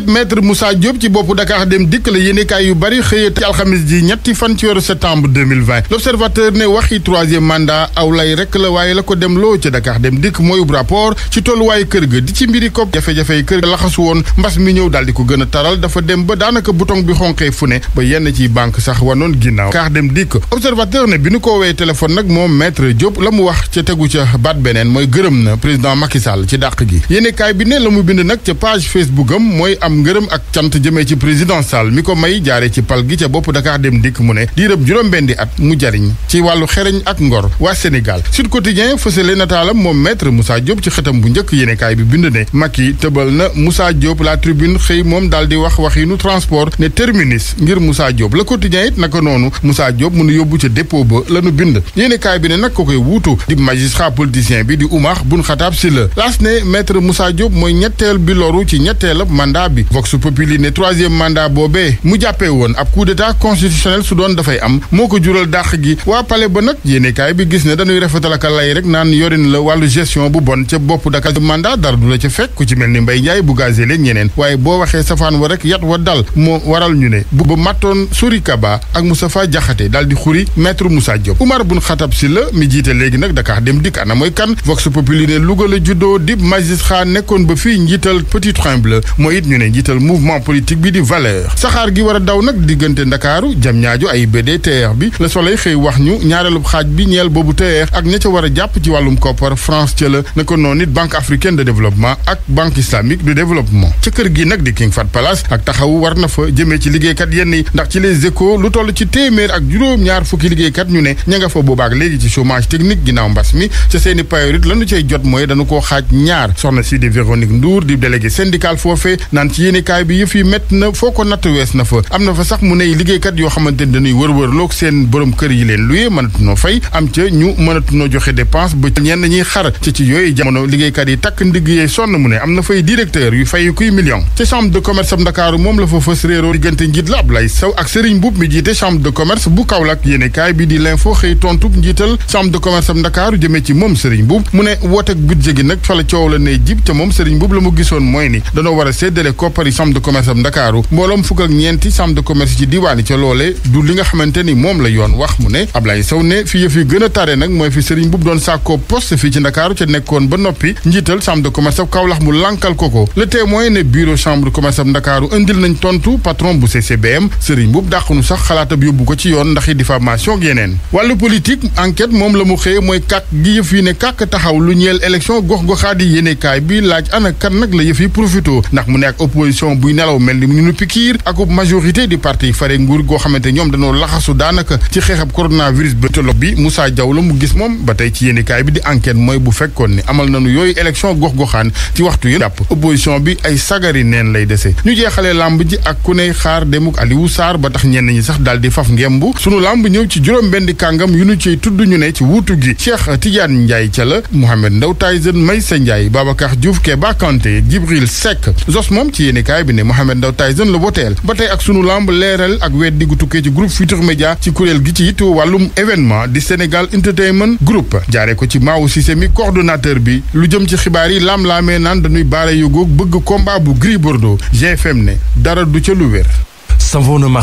Barab maître Moussa Diop ci boppu Dakar dem dikk la yéenekaay yu bari xëyee ci alxamis ji ñetti fan ci weeru septembre 2020 l'observateur ne waxi troisième mandat aw lay rek la waaye la ko dem loo ci Dakar dem dikk mooy rapport ci tolluwaayu kër ga di ci mbiri kopp jafe-jafey kër ga laxasu woon mbas mi ñëw daal di ko gën a taral dafa dem ba daanaka bouton bi xonqee fu ne ba yenn ci banque sax wanoon ginnaaw Dakar dem dikk observateur ne bi nu ko woowee téléphone nag moom maître Diop la wax ca tegu ca baat beneen na président Macky Sall ci dàq gi yéenekaay bi ne la mu bind nag ca page Facebook am am ngërëm ak cant jëmee ci président Sall mi ko may jaaree ci pal gi ca bopp Dakar dem dikk mu ne diirëb juróom-benni at mu jariñ ci wàllu xereñ ak ngor waa Sénégal Sud Quotidien fësale nataalam moom maître musaa Diop ci xëtam bu njëkk yéenekaay bi bind ne Macky tëbal na Moussa Diop la tribune xëy moom daal di wax waxinu transport ne terminus ngir Moussa Diop Le Quotidien it naka noonu Moussa Diop mu nu yóbbu ca dépôt ba la nu bind yéenekaay bi ne nag ko koy wuutu di magistrat politicien bi di Oumar Boun Khatab Sylla laas ne maître Moussa Diop mooy ñetteel bi loru ci bi Vox Populi ne troisième mandat boobee mu jàppee woon ab coup d'état constitutionnel su doon dafay am moo ko jural dàq gi waa pale ba nag yéenekaay bi gis ne dañuy rafetal ak lay rek naan yorin la wàllu gestion bu bon ca bopp daka mandat dara du la ca fekk ku ci mel ni Mbaye Ndiaye bu gazé leen ñeneen waaye boo waxee safaan wa rek yat wa dal moo waral ñu ne bu ba mattoon Souri Kaba ak Moustapha Diakhaté daal di xuri maître Moussa Diop Oumar Boun Khatab Sylla mi jiite léegi nag Dakar dem dikk ana mooy kan Vox Populi ne la ne njiital mouvement politique bi di valeur saxaar gi war a daw nag diggante ndakaaru jam ñaaju ay BD TER bi Le Soleil xëy wax ñu ñaareelu xaaj bi ñeel boobu TER ak ña ca war a jàpp ci wàllum koppar France ca la ne ko noonu it banque africaine de développement ak banque islamique de développement ca kër gi nag di King Fahd Palace ak taxawu war na fa jëmee ci liggéeykat yenn yi ndax ci les échos lu toll ci téeméer ak juróom-ñaar fukki liggéeykat ñu ne ña nga fa boobaak léegi ci chômage technique ginnaaw mbas mi ca seeni mooy dañu koo xaaj ñaar soxna si di Véronique Ndour di délégué ci yéenekaay bi yëf yi métti na foo ko natt wees na fa am na fa sax mu ne liggéeykat yoo xamante ni dañuy wërwërloog seen borom kër yi leen luye noo fay am ca ñu mënatunoo joxe dépense ba ñenn ñuy xar ci ci yooyu jamono liggéeykat yi takk ndigg yee sonn mu ne am na fay directeur yu fay kuy million ci chambre de commerce am Ndakaaru moom la fa fës réeroo diggante njiit la Ablaye Sow ak Serigne Mboup mi jiite chambre de commerce bu Kaolack yéenekaay bi di l'info xëy tontub njiital chambre de commerce am Ndakaaru ci moom Serigne Mboup mu ne wootek budget gi nag fa la la ne jib te moom Serigne Mboup gisoon mooy ni dañoo war a séddale koppari chambre de commerce am Ndakaaru mbooloom fukk ak ñeenti chambre de commerce ci diwaani ca loole du li nga xamante ni moom la yoon wax mu ne Ablaye Sow ne fi yëf yi gën a tare nag mooy fi Serigne Boub doon sàkkoo poste fii ci Ndakaaru ca nekkoon ba noppi njiital chambre de commerce ab Kaolack mu lànkal ko ko le témoin ne bureau chambre de commerce ab Ndakaaru indil nañ tontu patron bu CCBM Serigne Boub dàqunu sax xalaatab yóbbu ko ci yoon ndax diffamation opposition buy nelaw mel ni mu nu pikiir aku majorité di parti fare nguur goo xamante ñoom dañoo laxasu daanaka ci xeexab coronavirus bi tolob bi Moussa Diaw la mu gis moom ba tey ci yéenikaay bi di enquête mooy bu fekkoon ni amal nañu yooyu élection gox-goxaan ci waxtu yi jàpp opposition bi ay sagari neen lay dese ñu jeexalee làmb ji ak ku ne xaar demuk aliwu saar ba tax ñenn ñi sax daal di faf ngemb sunu làmb ñëw ci juróom benn kàngam yu nu ciy tudd ñu ne ci wuutu gi Cheikh Tidiane Ndiaye ca la Mouhamed Ndaw Tyson Maysa Ndiaye Babacar Diouf Keba Kanté Djibril Seck Zos moom ci yéenekaay bi ne Mohamed Ndao Tyson la woteel ba tey ak sunu lamb leeral ak weet diggu tukkee ci groupe Futurs Médias ci kuréel gi ci it wàllum événement di Sénégal Entertainment Group jaaree ko ci Maawu Cissé mi coordonnateur bi lu jëm ci xibaar yi lam-laamee naan dañuy baare yógoog bëgg combat bu Gris Bordeaux GFM ne dara du ca lu wér